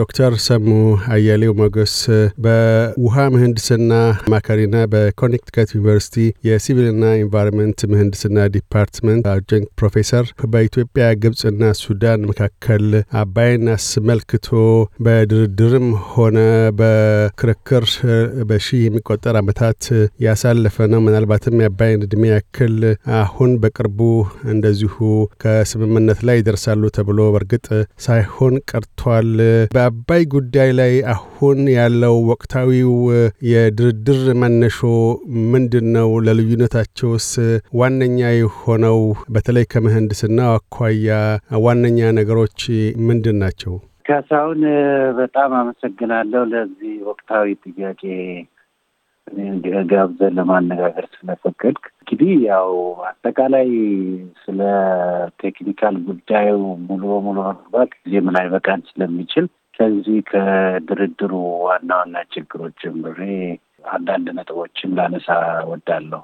ዶክተር ሰሙ አያሌው ሞገስ በውሃ ምህንድስና አማካሪና በኮኔክቲከት ዩኒቨርሲቲ የሲቪልና ኢንቫይሮንመንት ምህንድስና ዲፓርትመንት አጀንክ ፕሮፌሰር፣ በኢትዮጵያ ግብፅና ሱዳን መካከል አባይን አስመልክቶ በድርድርም ሆነ በክርክር በሺ የሚቆጠር አመታት ያሳለፈ ነው። ምናልባትም የአባይን እድሜ ያክል አሁን በቅርቡ እንደዚሁ ከስምምነት ላይ ይደርሳሉ ተብሎ በእርግጥ ሳይሆን ቀርቷል። በአባይ ጉዳይ ላይ አሁን ያለው ወቅታዊው የድርድር መነሾ ምንድን ነው? ለልዩነታቸውስ ዋነኛ የሆነው በተለይ ከምህንድስና አኳያ ዋነኛ ነገሮች ምንድን ናቸው? ካሳሁን በጣም አመሰግናለሁ ለዚህ ወቅታዊ ጥያቄ ጋብዘን ለማነጋገር ስለፈቀድክ። እንግዲህ ያው አጠቃላይ ስለ ቴክኒካል ጉዳዩ ሙሉ በሙሉ መግባት ጊዜ ምን አይበቃን ስለሚችል ከዚህ ከድርድሩ ዋና ዋና ችግሮች ጀምሬ አንዳንድ ነጥቦችን ላነሳ ወዳለሁ።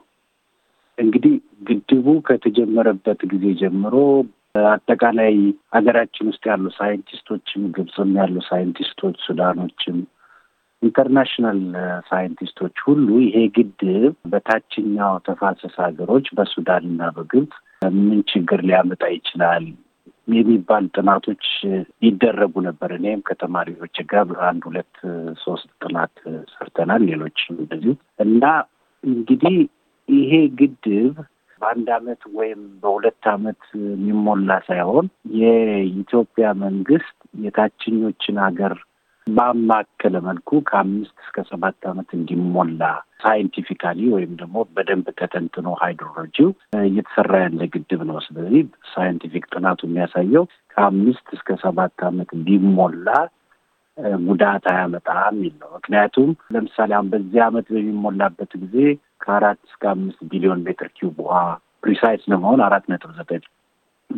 እንግዲህ ግድቡ ከተጀመረበት ጊዜ ጀምሮ አጠቃላይ ሀገራችን ውስጥ ያሉ ሳይንቲስቶችም፣ ግብፅም ያሉ ሳይንቲስቶች፣ ሱዳኖችም፣ ኢንተርናሽናል ሳይንቲስቶች ሁሉ ይሄ ግድብ በታችኛው ተፋሰስ ሀገሮች በሱዳንና በግብፅ ምን ችግር ሊያመጣ ይችላል የሚባል ጥናቶች ይደረጉ ነበር። እኔም ከተማሪዎች ጋር አንድ ሁለት ሶስት ጥናት ሰርተናል። ሌሎችም እንደዚሁ እና እንግዲህ ይሄ ግድብ በአንድ አመት ወይም በሁለት አመት የሚሞላ ሳይሆን የኢትዮጵያ መንግስት የታችኞችን ሀገር ባማከለ መልኩ ከአምስት እስከ ሰባት ዓመት እንዲሞላ ሳይንቲፊካሊ ወይም ደግሞ በደንብ ተተንትኖ ሃይድሮሎጂው እየተሰራ ያለ ግድብ ነው። ስለዚህ ሳይንቲፊክ ጥናቱ የሚያሳየው ከአምስት እስከ ሰባት ዓመት ቢሞላ ጉዳት አያመጣም የሚል ነው። ምክንያቱም ለምሳሌ አሁን በዚህ ዓመት በሚሞላበት ጊዜ ከአራት እስከ አምስት ቢሊዮን ሜትር ኪዩብ ውሃ ፕሪሳይስ ለመሆን አራት ነጥብ ዘጠኝ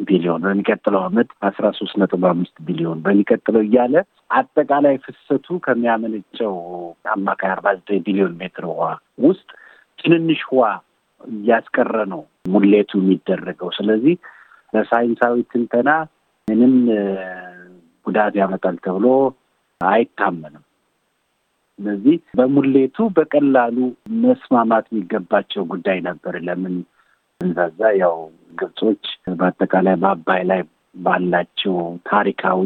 ቢሊዮን በሚቀጥለው አመት አስራ ሶስት ነጥብ አምስት ቢሊዮን በሚቀጥለው እያለ አጠቃላይ ፍሰቱ ከሚያመነጨው አማካይ አርባ ዘጠኝ ቢሊዮን ሜትር ውሃ ውስጥ ትንንሽ ውሃ እያስቀረ ነው ሙሌቱ የሚደረገው። ስለዚህ በሳይንሳዊ ትንተና ምንም ጉዳት ያመጣል ተብሎ አይታመንም። ስለዚህ በሙሌቱ በቀላሉ መስማማት የሚገባቸው ጉዳይ ነበር። ለምን እንዛዛ ያው ግብጾች በአጠቃላይ በአባይ ላይ ባላቸው ታሪካዊ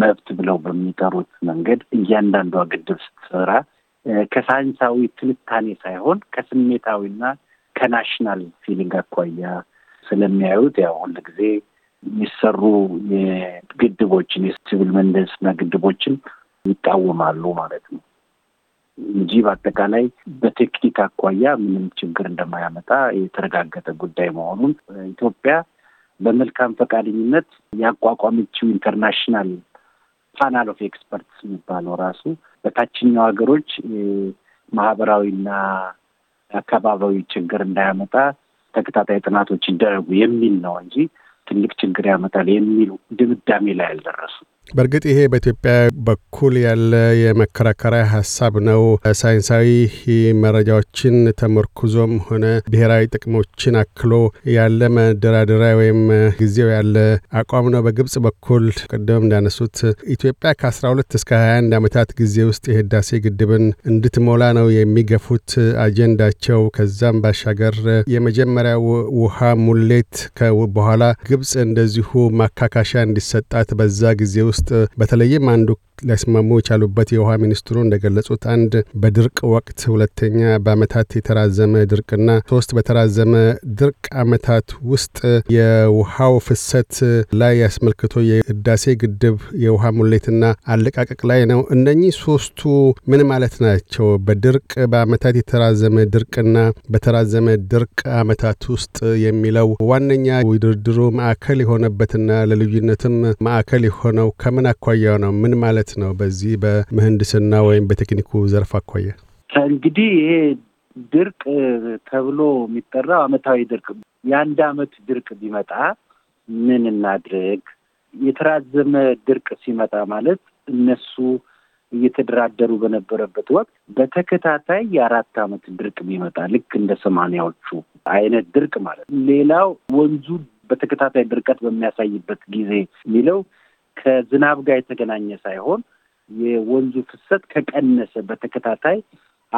መብት ብለው በሚጠሩት መንገድ እያንዳንዷ ግድብ ስትሰራ ከሳይንሳዊ ትንታኔ ሳይሆን ከስሜታዊና ከናሽናል ፊሊንግ አኳያ ስለሚያዩት ያው ጊዜ የሚሰሩ የግድቦችን የሲቪል መንደስና ግድቦችን ይቃወማሉ ማለት ነው። እንጂ በአጠቃላይ በቴክኒክ አኳያ ምንም ችግር እንደማያመጣ የተረጋገጠ ጉዳይ መሆኑን ኢትዮጵያ በመልካም ፈቃደኝነት ያቋቋመችው ኢንተርናሽናል ፓናል ኦፍ ኤክስፐርትስ የሚባለው ራሱ በታችኛው ሀገሮች ማህበራዊና አካባቢያዊ ችግር እንዳያመጣ ተከታታይ ጥናቶች ይደረጉ የሚል ነው እንጂ ትልቅ ችግር ያመጣል የሚሉ ድምዳሜ ላይ አልደረሱም። በእርግጥ ይሄ በኢትዮጵያ በኩል ያለ የመከራከሪያ ሀሳብ ነው። ሳይንሳዊ መረጃዎችን ተመርኩዞም ሆነ ብሔራዊ ጥቅሞችን አክሎ ያለ መደራደሪያ ወይም ጊዜው ያለ አቋም ነው። በግብጽ በኩል ቅድም እንዳነሱት ኢትዮጵያ ከ12 እስከ 21 ዓመታት ጊዜ ውስጥ የህዳሴ ግድብን እንድትሞላ ነው የሚገፉት አጀንዳቸው። ከዛም ባሻገር የመጀመሪያው ውሃ ሙሌት በኋላ ግብጽ እንደዚሁ ማካካሻ እንዲሰጣት በዛ ጊዜ ውስጥ ውስጥ በተለይም አንዱ ሊያስማሙ የቻሉበት የውሃ ሚኒስትሩ እንደገለጹት አንድ በድርቅ ወቅት፣ ሁለተኛ በአመታት የተራዘመ ድርቅና ሶስት በተራዘመ ድርቅ አመታት ውስጥ የውሃው ፍሰት ላይ አስመልክቶ የህዳሴ ግድብ የውሃ ሙሌትና አለቃቀቅ ላይ ነው። እነኚህ ሶስቱ ምን ማለት ናቸው? በድርቅ በአመታት የተራዘመ ድርቅና በተራዘመ ድርቅ አመታት ውስጥ የሚለው ዋነኛ ድርድሩ ማዕከል የሆነበትና ለልዩነትም ማዕከል የሆነው ከምን አኳያው ነው? ምን ማለት ማለት ነው? በዚህ በምህንድስና ወይም በቴክኒኩ ዘርፍ አኳያ እንግዲህ ይሄ ድርቅ ተብሎ የሚጠራው አመታዊ ድርቅ የአንድ አመት ድርቅ ቢመጣ ምን እናድርግ? የተራዘመ ድርቅ ሲመጣ ማለት እነሱ እየተደራደሩ በነበረበት ወቅት በተከታታይ የአራት አመት ድርቅ ቢመጣ ልክ እንደ ሰማንያዎቹ አይነት ድርቅ ማለት ሌላው ወንዙ በተከታታይ ድርቀት በሚያሳይበት ጊዜ የሚለው ከዝናብ ጋር የተገናኘ ሳይሆን የወንዙ ፍሰት ከቀነሰ በተከታታይ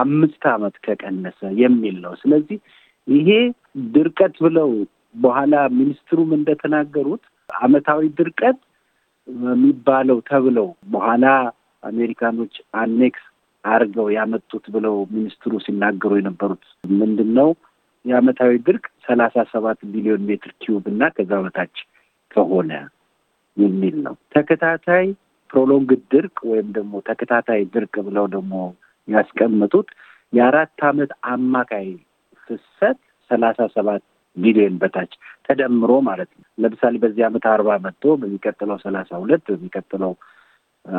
አምስት አመት ከቀነሰ የሚል ነው። ስለዚህ ይሄ ድርቀት ብለው በኋላ ሚኒስትሩም እንደተናገሩት አመታዊ ድርቀት የሚባለው ተብለው በኋላ አሜሪካኖች አኔክስ አድርገው ያመጡት ብለው ሚኒስትሩ ሲናገሩ የነበሩት ምንድን ነው? የአመታዊ ድርቅ ሰላሳ ሰባት ቢሊዮን ሜትር ኪዩብ እና ከዛ በታች ከሆነ የሚል ነው። ተከታታይ ፕሮሎንግድ ድርቅ ወይም ደግሞ ተከታታይ ድርቅ ብለው ደግሞ ያስቀምጡት የአራት ዓመት አማካይ ፍሰት ሰላሳ ሰባት ሚሊዮን በታች ተደምሮ ማለት ነው። ለምሳሌ በዚህ ዓመት አርባ መጥቶ በሚቀጥለው ሰላሳ ሁለት በሚቀጥለው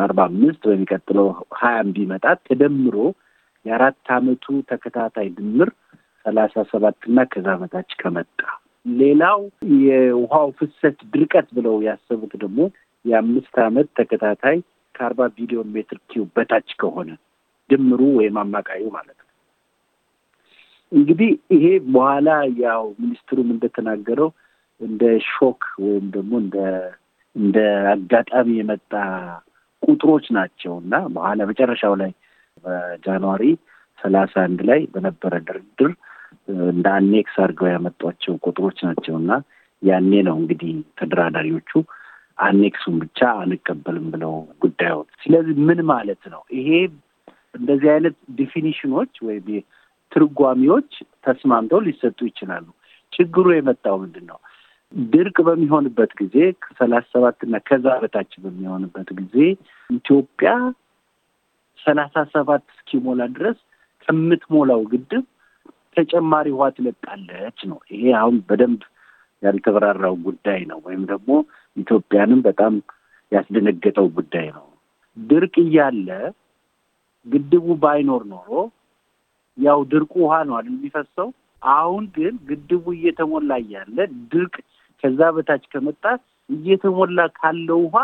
አርባ አምስት በሚቀጥለው ሀያም ቢመጣ ተደምሮ የአራት ዓመቱ ተከታታይ ድምር ሰላሳ ሰባት እና ከዛ በታች ከመጣ ሌላው የውሃው ፍሰት ድርቀት ብለው ያሰቡት ደግሞ የአምስት አመት ተከታታይ ከአርባ ቢሊዮን ሜትር ኪዩ በታች ከሆነ ድምሩ ወይም አማካዩ ማለት ነው። እንግዲህ ይሄ በኋላ ያው ሚኒስትሩም እንደተናገረው እንደ ሾክ ወይም ደግሞ እንደ እንደ አጋጣሚ የመጣ ቁጥሮች ናቸው እና በኋላ መጨረሻው ላይ በጃንዋሪ ሰላሳ አንድ ላይ በነበረ ድርድር እንደ አኔክስ አድርገው ያመጧቸው ቁጥሮች ናቸው እና ያኔ ነው እንግዲህ ተደራዳሪዎቹ አኔክሱን ብቻ አንቀበልም ብለው ጉዳዩን። ስለዚህ ምን ማለት ነው ይሄ? እንደዚህ አይነት ዲፊኒሽኖች ወይም ትርጓሚዎች ተስማምተው ሊሰጡ ይችላሉ። ችግሩ የመጣው ምንድን ነው? ድርቅ በሚሆንበት ጊዜ ከሰላሳ ሰባት እና ከዛ በታች በሚሆንበት ጊዜ ኢትዮጵያ ሰላሳ ሰባት እስኪሞላ ድረስ ከምትሞላው ግድብ ተጨማሪ ውሃ ትለቃለች ነው። ይሄ አሁን በደንብ ያልተበራራው ጉዳይ ነው፣ ወይም ደግሞ ኢትዮጵያንም በጣም ያስደነገጠው ጉዳይ ነው። ድርቅ እያለ ግድቡ ባይኖር ኖሮ ያው ድርቁ ውሃ ነው አይደል የሚፈሰው። አሁን ግን ግድቡ እየተሞላ እያለ ድርቅ ከዛ በታች ከመጣ እየተሞላ ካለው ውሃ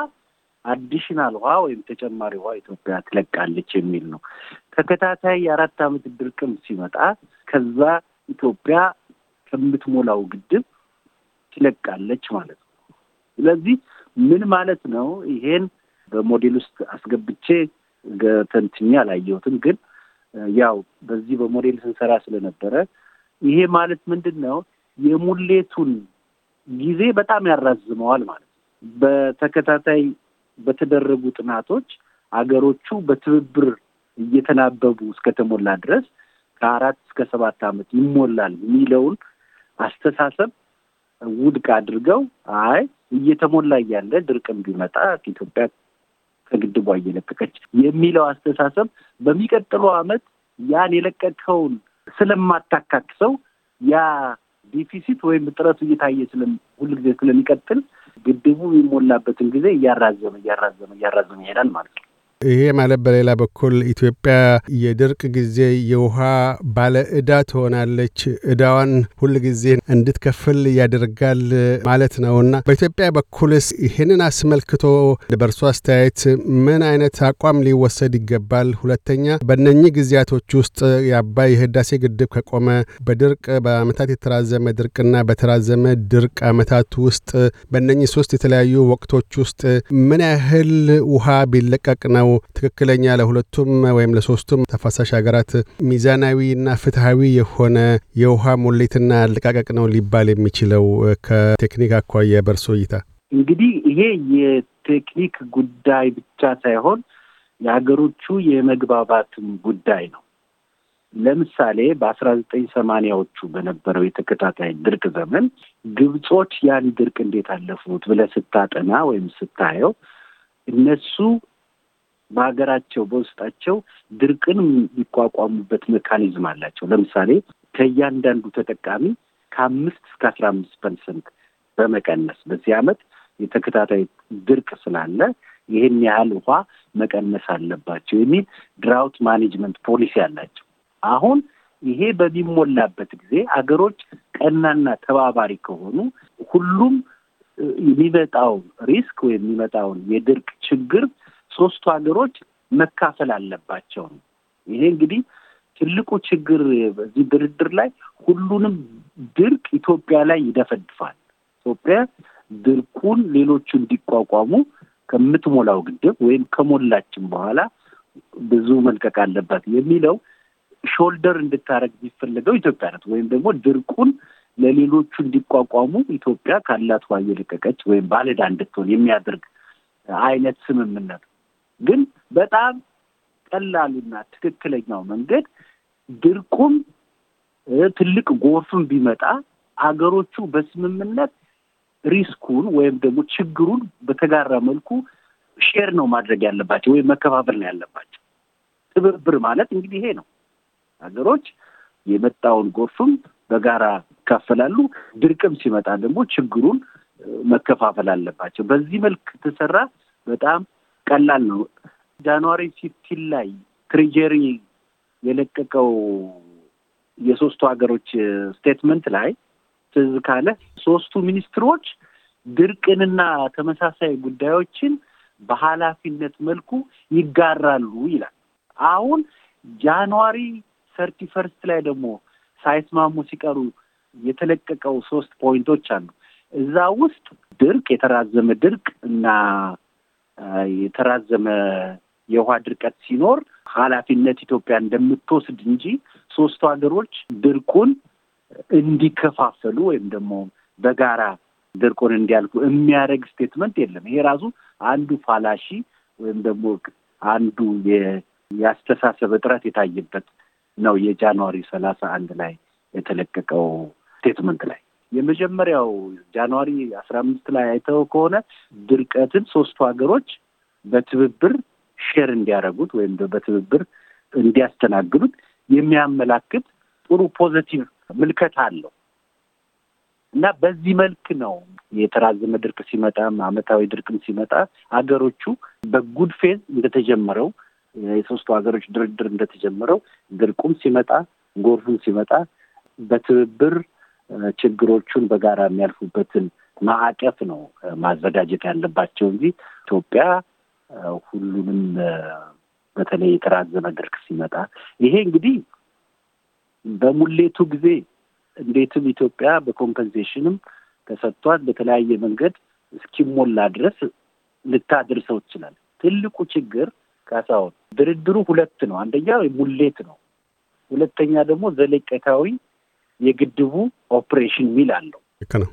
አዲሽናል ውሃ ወይም ተጨማሪ ውሃ ኢትዮጵያ ትለቃለች የሚል ነው። ተከታታይ የአራት ዓመት ድርቅም ሲመጣ ከዛ ኢትዮጵያ ከምትሞላው ግድብ ትለቃለች ማለት ነው። ስለዚህ ምን ማለት ነው? ይሄን በሞዴል ውስጥ አስገብቼ ተንትኜ አላየሁትም፣ ግን ያው በዚህ በሞዴል ስንሰራ ስለነበረ ይሄ ማለት ምንድን ነው? የሙሌቱን ጊዜ በጣም ያራዝመዋል ማለት ነው። በተከታታይ በተደረጉ ጥናቶች አገሮቹ በትብብር እየተናበቡ እስከተሞላ ድረስ ከአራት እስከ ሰባት ዓመት ይሞላል የሚለውን አስተሳሰብ ውድቅ አድርገው አይ እየተሞላ እያለ ድርቅም ቢመጣ ኢትዮጵያ ከግድቧ እየለቀቀች የሚለው አስተሳሰብ በሚቀጥለው ዓመት ያን የለቀቀውን ስለማታካክሰው ያ ዲፊሲት ወይም እጥረቱ እየታየ ሁልጊዜ ስለሚቀጥል ግድቡ የሚሞላበትን ጊዜ እያራዘመ እያራዘመ እያራዘመ ይሄዳል ማለት ነው። ይሄ ማለት በሌላ በኩል ኢትዮጵያ የድርቅ ጊዜ የውሃ ባለ እዳ ትሆናለች፣ እዳዋን ሁል ጊዜ እንድትከፍል ያደርጋል ማለት ነውና በኢትዮጵያ በኩልስ ይህንን አስመልክቶ በእርሶ አስተያየት ምን አይነት አቋም ሊወሰድ ይገባል? ሁለተኛ በእነኚህ ጊዜያቶች ውስጥ የአባይ የህዳሴ ግድብ ከቆመ በድርቅ በአመታት የተራዘመ ድርቅና በተራዘመ ድርቅ አመታት ውስጥ በእነኚህ ሶስት የተለያዩ ወቅቶች ውስጥ ምን ያህል ውሃ ቢለቀቅ ነው ነው ትክክለኛ ለሁለቱም ወይም ለሶስቱም ተፋሳሽ ሀገራት ሚዛናዊና ፍትሐዊ የሆነ የውሃ ሙሌትና አለቃቀቅ ነው ሊባል የሚችለው ከቴክኒክ አኳያ በርሶ እይታ? እንግዲህ ይሄ የቴክኒክ ጉዳይ ብቻ ሳይሆን የሀገሮቹ የመግባባትም ጉዳይ ነው። ለምሳሌ በአስራ ዘጠኝ ሰማንያዎቹ በነበረው የተከታታይ ድርቅ ዘመን ግብጾች ያን ድርቅ እንዴት አለፉት ብለህ ስታጠና ወይም ስታየው እነሱ በሀገራቸው በውስጣቸው ድርቅን የሚቋቋሙበት ሜካኒዝም አላቸው። ለምሳሌ ከእያንዳንዱ ተጠቃሚ ከአምስት እስከ አስራ አምስት ፐርሰንት በመቀነስ በዚህ ዓመት የተከታታይ ድርቅ ስላለ ይህን ያህል ውሃ መቀነስ አለባቸው የሚል ድራውት ማኔጅመንት ፖሊሲ አላቸው። አሁን ይሄ በሚሞላበት ጊዜ አገሮች ቀናና ተባባሪ ከሆኑ ሁሉም የሚመጣውን ሪስክ ወይም የሚመጣውን የድርቅ ችግር ሶስቱ ሀገሮች መካፈል አለባቸው ነው። ይሄ እንግዲህ ትልቁ ችግር በዚህ ድርድር ላይ ሁሉንም ድርቅ ኢትዮጵያ ላይ ይደፈድፋል። ኢትዮጵያ ድርቁን ሌሎቹ እንዲቋቋሙ ከምትሞላው ግድብ ወይም ከሞላችን በኋላ ብዙ መልቀቅ አለባት የሚለው ሾልደር እንድታደረግ የሚፈለገው ኢትዮጵያ ናት። ወይም ደግሞ ድርቁን ለሌሎቹ እንዲቋቋሙ ኢትዮጵያ ካላት ውሃ እየለቀቀች ወይም ባለዕዳ እንድትሆን የሚያደርግ አይነት ስምምነት ግን በጣም ቀላሉና ትክክለኛው መንገድ ድርቁም ትልቅ ጎርፍም ቢመጣ አገሮቹ በስምምነት ሪስኩን ወይም ደግሞ ችግሩን በተጋራ መልኩ ሼር ነው ማድረግ ያለባቸው ወይም መከፋፈል ነው ያለባቸው። ትብብር ማለት እንግዲህ ይሄ ነው። ሀገሮች የመጣውን ጎርፍም በጋራ ይካፈላሉ። ድርቅም ሲመጣ ደግሞ ችግሩን መከፋፈል አለባቸው። በዚህ መልክ ተሰራ በጣም ቀላል ነው። ጃንዋሪ ፊፍቲን ላይ ትሪጀሪ የለቀቀው የሶስቱ ሀገሮች ስቴትመንት ላይ ትዝ ካለ ሶስቱ ሚኒስትሮች ድርቅንና ተመሳሳይ ጉዳዮችን በኃላፊነት መልኩ ይጋራሉ ይላል። አሁን ጃንዋሪ ሰርቲ ፈርስት ላይ ደግሞ ሳይስማሙ ሲቀሩ የተለቀቀው ሶስት ፖይንቶች አሉ። እዛ ውስጥ ድርቅ፣ የተራዘመ ድርቅ እና የተራዘመ የውሃ ድርቀት ሲኖር ኃላፊነት ኢትዮጵያ እንደምትወስድ እንጂ ሶስቱ ሀገሮች ድርቁን እንዲከፋፈሉ ወይም ደግሞ በጋራ ድርቁን እንዲያልኩ የሚያደርግ ስቴትመንት የለም። ይሄ ራሱ አንዱ ፋላሺ ወይም ደግሞ አንዱ የአስተሳሰብ እጥረት የታየበት ነው የጃንዋሪ ሰላሳ አንድ ላይ የተለቀቀው ስቴትመንት ላይ የመጀመሪያው ጃንዋሪ አስራ አምስት ላይ አይተው ከሆነ ድርቀትን ሶስቱ ሀገሮች በትብብር ሼር እንዲያደርጉት ወይም በትብብር እንዲያስተናግዱት የሚያመላክት ጥሩ ፖዘቲቭ ምልከት አለው እና በዚህ መልክ ነው የተራዘመ ድርቅ ሲመጣም አመታዊ ድርቅም ሲመጣ ሀገሮቹ በጉድ ፌዝ እንደተጀመረው የሶስቱ ሀገሮች ድርድር እንደተጀመረው ድርቁም ሲመጣ ጎርፉም ሲመጣ በትብብር ችግሮቹን በጋራ የሚያልፉበትን ማዕቀፍ ነው ማዘጋጀት ያለባቸው እንጂ ኢትዮጵያ ሁሉንም በተለይ የተራዘመ ድርቅ ሲመጣ ይሄ እንግዲህ በሙሌቱ ጊዜ እንዴትም ኢትዮጵያ በኮምፐንሴሽንም ተሰጥቷት በተለያየ መንገድ እስኪሞላ ድረስ ልታደርሰው ይችላል። ትልቁ ችግር ካሳሁን ድርድሩ ሁለት ነው። አንደኛ ሙሌት ነው። ሁለተኛ ደግሞ ዘለቀታዊ የግድቡ ኦፕሬሽን ሚል አለው። ልክ ነው።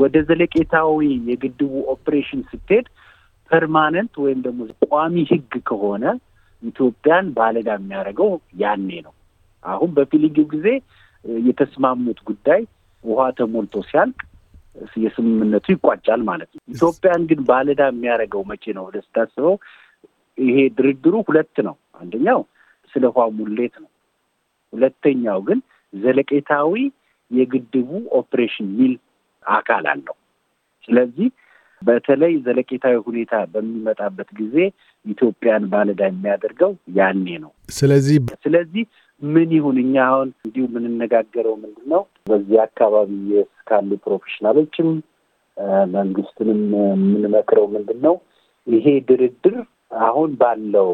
ወደ ዘለቄታዊ የግድቡ ኦፕሬሽን ስትሄድ ፐርማነንት ወይም ደግሞ ቋሚ ህግ ከሆነ ኢትዮጵያን ባለዳ የሚያደርገው ያኔ ነው። አሁን በፊልጊው ጊዜ የተስማሙት ጉዳይ ውሃ ተሞልቶ ሲያልቅ የስምምነቱ ይቋጫል ማለት ነው። ኢትዮጵያን ግን ባለዳ የሚያደርገው መቼ ነው ወደ ስታስበው፣ ይሄ ድርድሩ ሁለት ነው። አንደኛው ስለ ውሃ ሙሌት ነው። ሁለተኛው ግን ዘለቄታዊ የግድቡ ኦፕሬሽን ሚል አካል አለው። ስለዚህ በተለይ ዘለቄታዊ ሁኔታ በሚመጣበት ጊዜ ኢትዮጵያን ባለዕዳ የሚያደርገው ያኔ ነው። ስለዚህ ስለዚህ ምን ይሁን እኛ አሁን እንዲሁ የምንነጋገረው ምንድን ነው? በዚህ አካባቢ ካሉ ፕሮፌሽናሎችም መንግስትንም የምንመክረው ምንድን ነው? ይሄ ድርድር አሁን ባለው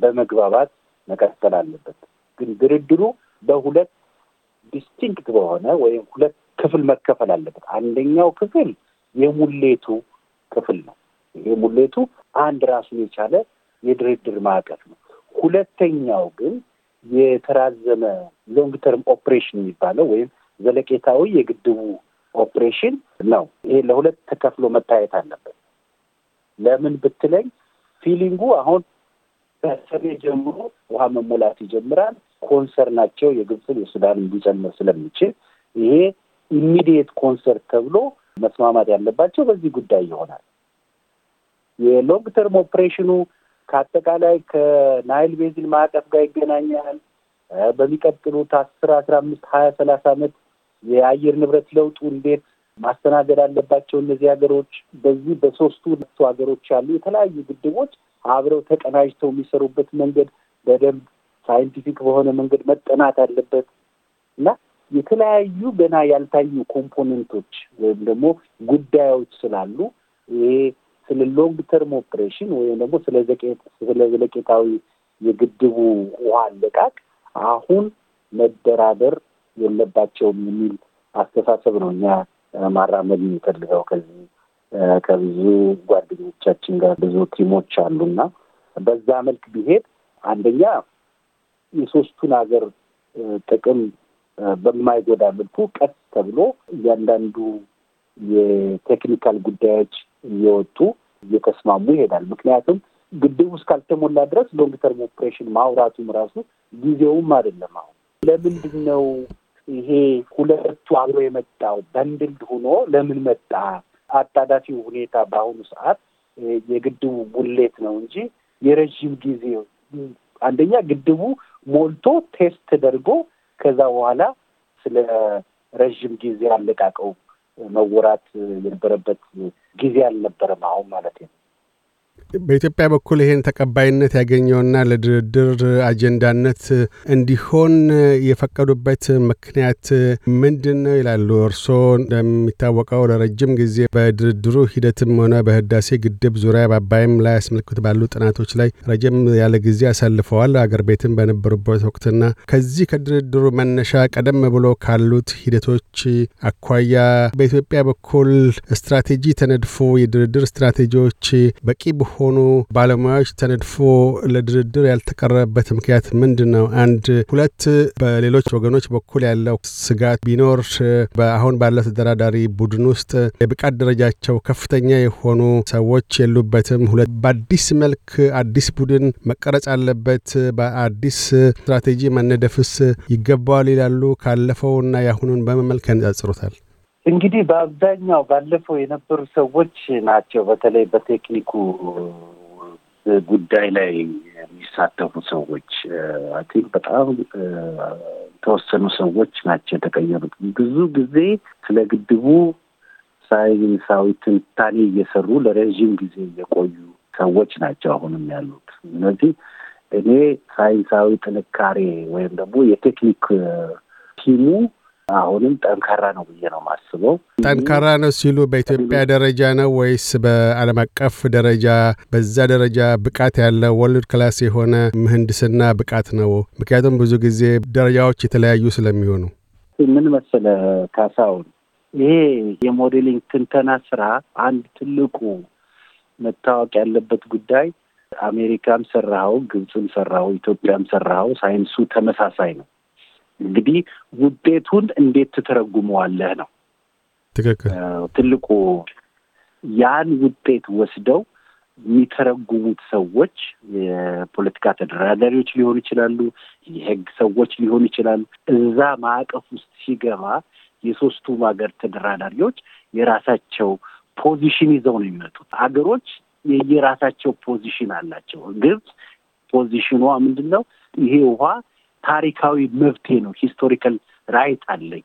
በመግባባት መቀጠል አለበት። ግን ድርድሩ በሁለት ዲስቲንክት በሆነ ወይም ሁለት ክፍል መከፈል አለበት። አንደኛው ክፍል የሙሌቱ ክፍል ነው። ይሄ ሙሌቱ አንድ ራሱን የቻለ የድርድር ማዕቀፍ ነው። ሁለተኛው ግን የተራዘመ ሎንግ ተርም ኦፕሬሽን የሚባለው ወይም ዘለቄታዊ የግድቡ ኦፕሬሽን ነው። ይሄ ለሁለት ተከፍሎ መታየት አለበት። ለምን ብትለኝ ፊሊንጉ አሁን ከሰኔ ጀምሮ ውሃ መሞላት ይጀምራል። ኮንሰርናቸው የግብፅን የሱዳንን ሊጨምር ስለሚችል ይሄ ኢሚዲየት ኮንሰር ተብሎ መስማማት ያለባቸው በዚህ ጉዳይ ይሆናል። የሎንግ ተርም ኦፕሬሽኑ ከአጠቃላይ ከናይል ቤዚን ማዕቀፍ ጋር ይገናኛል። በሚቀጥሉት አስር አስራ አምስት ሀያ ሰላሳ ዓመት የአየር ንብረት ለውጡ እንዴት ማስተናገድ አለባቸው እነዚህ ሀገሮች በዚህ በሶስቱ ሀገሮች ያሉ የተለያዩ ግድቦች አብረው ተቀናጅተው የሚሰሩበት መንገድ በደንብ ሳይንቲፊክ በሆነ መንገድ መጠናት አለበት እና የተለያዩ ገና ያልታዩ ኮምፖነንቶች ወይም ደግሞ ጉዳዮች ስላሉ ይሄ ስለ ሎንግ ተርም ኦፕሬሽን ወይም ደግሞ ስለ ዘለቄታዊ የግድቡ ውሃ አለቃቅ አሁን መደራደር የለባቸውም የሚል አስተሳሰብ ነው እኛ ማራመድ የሚፈልገው። ከዚህ ከብዙ ጓደኞቻችን ጋር ብዙ ቲሞች አሉና በዛ መልክ ቢሄድ አንደኛ የሶስቱን ሀገር ጥቅም በማይጎዳ መልኩ ቀስ ተብሎ እያንዳንዱ የቴክኒካል ጉዳዮች እየወጡ እየተስማሙ ይሄዳል። ምክንያቱም ግድቡ እስካልተሞላ ድረስ ሎንግ ተርም ኦፕሬሽን ማውራቱም ራሱ ጊዜውም አይደለም። አሁን ለምንድን ነው ይሄ ሁለቱ አብሮ የመጣው በንድልድ ሆኖ ለምን መጣ? አጣዳፊው ሁኔታ በአሁኑ ሰዓት የግድቡ ሙሌት ነው እንጂ የረዥም ጊዜ አንደኛ ግድቡ ሞልቶ ቴስት ተደርጎ ከዛ በኋላ ስለ ረዥም ጊዜ አለቃቀው መወራት የነበረበት ጊዜ አልነበረም። አሁን ማለት ነው። በኢትዮጵያ በኩል ይሄን ተቀባይነት ያገኘውና ለድርድር አጀንዳነት እንዲሆን የፈቀዱበት ምክንያት ምንድን ነው ይላሉ? እርስዎ እንደሚታወቀው ለረጅም ጊዜ በድርድሩ ሂደትም ሆነ በህዳሴ ግድብ ዙሪያ በአባይም ላይ አስመልክቶ ባሉ ጥናቶች ላይ ረጅም ያለ ጊዜ አሳልፈዋል። አገር ቤትም በነበሩበት ወቅትና ከዚህ ከድርድሩ መነሻ ቀደም ብሎ ካሉት ሂደቶች አኳያ በኢትዮጵያ በኩል ስትራቴጂ ተነድፎ የድርድር ስትራቴጂዎች በቂ በሆኑ ባለሙያዎች ተነድፎ ለድርድር ያልተቀረበበት ምክንያት ምንድን ነው? አንድ ሁለት፣ በሌሎች ወገኖች በኩል ያለው ስጋት ቢኖር በአሁን ባለው ተደራዳሪ ቡድን ውስጥ የብቃት ደረጃቸው ከፍተኛ የሆኑ ሰዎች የሉበትም። ሁለት፣ በአዲስ መልክ አዲስ ቡድን መቀረጽ አለበት፣ በአዲስ ስትራቴጂ መነደፍስ ይገባዋል ይላሉ። ካለፈውና የአሁኑን በመመልከት ያጽሩታል። እንግዲህ በአብዛኛው ባለፈው የነበሩ ሰዎች ናቸው። በተለይ በቴክኒኩ ጉዳይ ላይ የሚሳተፉ ሰዎች አን በጣም የተወሰኑ ሰዎች ናቸው የተቀየሩት። ብዙ ጊዜ ስለ ግድቡ ሳይንሳዊ ትንታኔ እየሰሩ ለረዥም ጊዜ እየቆዩ ሰዎች ናቸው አሁንም ያሉት። እነዚህ እኔ ሳይንሳዊ ጥንካሬ ወይም ደግሞ የቴክኒክ ቲሙ አሁንም ጠንካራ ነው ብዬ ነው ማስበው ጠንካራ ነው ሲሉ በኢትዮጵያ ደረጃ ነው ወይስ በዓለም አቀፍ ደረጃ? በዛ ደረጃ ብቃት ያለ ወርልድ ክላስ የሆነ ምህንድስና ብቃት ነው? ምክንያቱም ብዙ ጊዜ ደረጃዎች የተለያዩ ስለሚሆኑ። ምን መሰለ ካሳውን ይሄ የሞዴሊንግ ትንተና ስራ አንድ ትልቁ መታወቅ ያለበት ጉዳይ አሜሪካም ሰራኸው፣ ግብፅም ሰራኸው፣ ኢትዮጵያም ሰራኸው፣ ሳይንሱ ተመሳሳይ ነው። እንግዲህ ውጤቱን እንዴት ትተረጉመዋለህ ነው ትክክል ትልቁ ያን ውጤት ወስደው የሚተረጉሙት ሰዎች የፖለቲካ ተደራዳሪዎች ሊሆኑ ይችላሉ፣ የህግ ሰዎች ሊሆኑ ይችላሉ። እዛ ማዕቀፍ ውስጥ ሲገባ የሶስቱም ሀገር ተደራዳሪዎች የራሳቸው ፖዚሽን ይዘው ነው የሚመጡት። ሀገሮች የየራሳቸው ፖዚሽን አላቸው። ግብጽ ፖዚሽኗ ምንድን ነው? ይሄ ውሃ ታሪካዊ መብቴ ነው። ሂስቶሪካል ራይት አለኝ።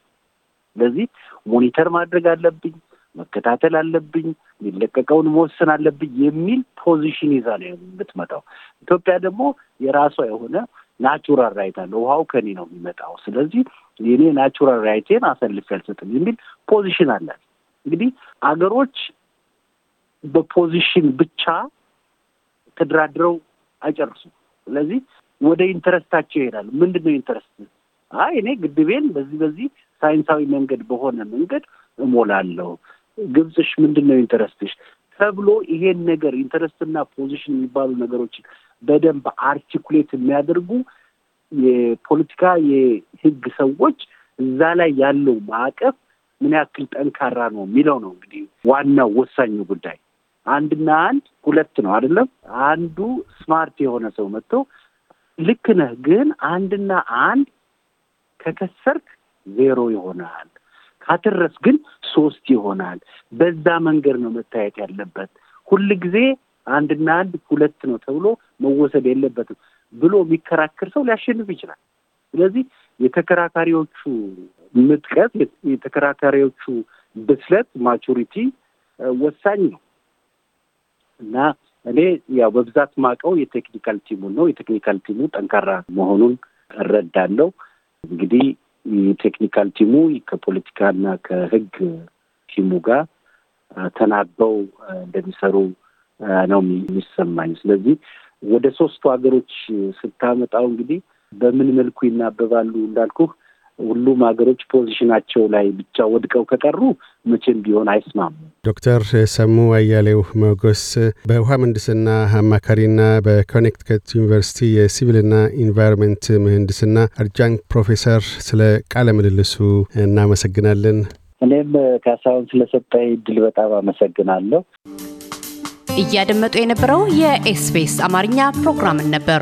ስለዚህ ሞኒተር ማድረግ አለብኝ፣ መከታተል አለብኝ፣ የሚለቀቀውን መወሰን አለብኝ የሚል ፖዚሽን ይዛ ነው የምትመጣው። ኢትዮጵያ ደግሞ የራሷ የሆነ ናቹራል ራይት አለ። ውሃው ከኔ ነው የሚመጣው፣ ስለዚህ የኔ ናቹራል ራይቴን አሳልፌ አልሰጥም የሚል ፖዚሽን አላት። እንግዲህ አገሮች በፖዚሽን ብቻ ተደራድረው አይጨርሱም። ስለዚህ ወደ ኢንተረስታቸው ይሄዳሉ። ምንድን ነው ኢንተረስት? አይ እኔ ግድቤን በዚህ በዚህ ሳይንሳዊ መንገድ በሆነ መንገድ እሞላለሁ። ግብጽሽ ምንድን ነው ኢንተረስትሽ? ተብሎ ይሄን ነገር ኢንተረስትና ፖዚሽን የሚባሉ ነገሮችን በደንብ አርቲኩሌት የሚያደርጉ የፖለቲካ የህግ ሰዎች እዛ ላይ ያለው ማዕቀፍ ምን ያክል ጠንካራ ነው የሚለው ነው እንግዲህ ዋናው ወሳኙ ጉዳይ። አንድና አንድ ሁለት ነው አይደለም። አንዱ ስማርት የሆነ ሰው መጥቶ ልክ ነህ፣ ግን አንድና አንድ ከከሰርክ ዜሮ ይሆናል። ካትረስ ግን ሶስት ይሆናል። በዛ መንገድ ነው መታየት ያለበት። ጊዜ አንድና አንድ ሁለት ነው ተብሎ መወሰድ የለበትም ብሎ የሚከራከር ሰው ሊያሸንፍ ይችላል። ስለዚህ የተከራካሪዎቹ ምጥቀት፣ የተከራካሪዎቹ ብስለት፣ ማቹሪቲ ወሳኝ ነው እና እኔ ያው በብዛት ማቀው የቴክኒካል ቲሙን ነው። የቴክኒካል ቲሙ ጠንካራ መሆኑን እረዳለው። እንግዲህ የቴክኒካል ቲሙ ከፖለቲካና ከህግ ቲሙ ጋር ተናበው እንደሚሰሩ ነው የሚሰማኝ። ስለዚህ ወደ ሶስቱ ሀገሮች ስታመጣው እንግዲህ በምን መልኩ ይናበባሉ እንዳልኩህ ሁሉም ሀገሮች ፖዚሽናቸው ላይ ብቻ ወድቀው ከቀሩ መቼም ቢሆን አይስማሙ። ዶክተር ሰሙ አያሌው መጎስ በውሃ ምህንድስና አማካሪና በኮኔክትከት ዩኒቨርሲቲ የሲቪልና ኢንቫይሮንመንት ምህንድስና አድጃንክት ፕሮፌሰር፣ ስለ ቃለ ምልልሱ እናመሰግናለን። እኔም ካሳሁን ስለሰጠኝ እድል በጣም አመሰግናለሁ። እያደመጡ የነበረው የኤስቢኤስ አማርኛ ፕሮግራምን ነበር።